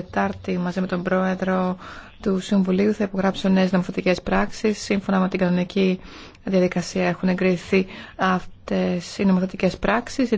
Τετάρτη μαζί με τον Πρόεδρο του Συμβουλίου θα υπογράψουν νέες νομοθετικές πράξεις. Σύμφωνα με την κανονική διαδικασία έχουν εγκριθεί αυτές οι νομοθετικές πράξεις.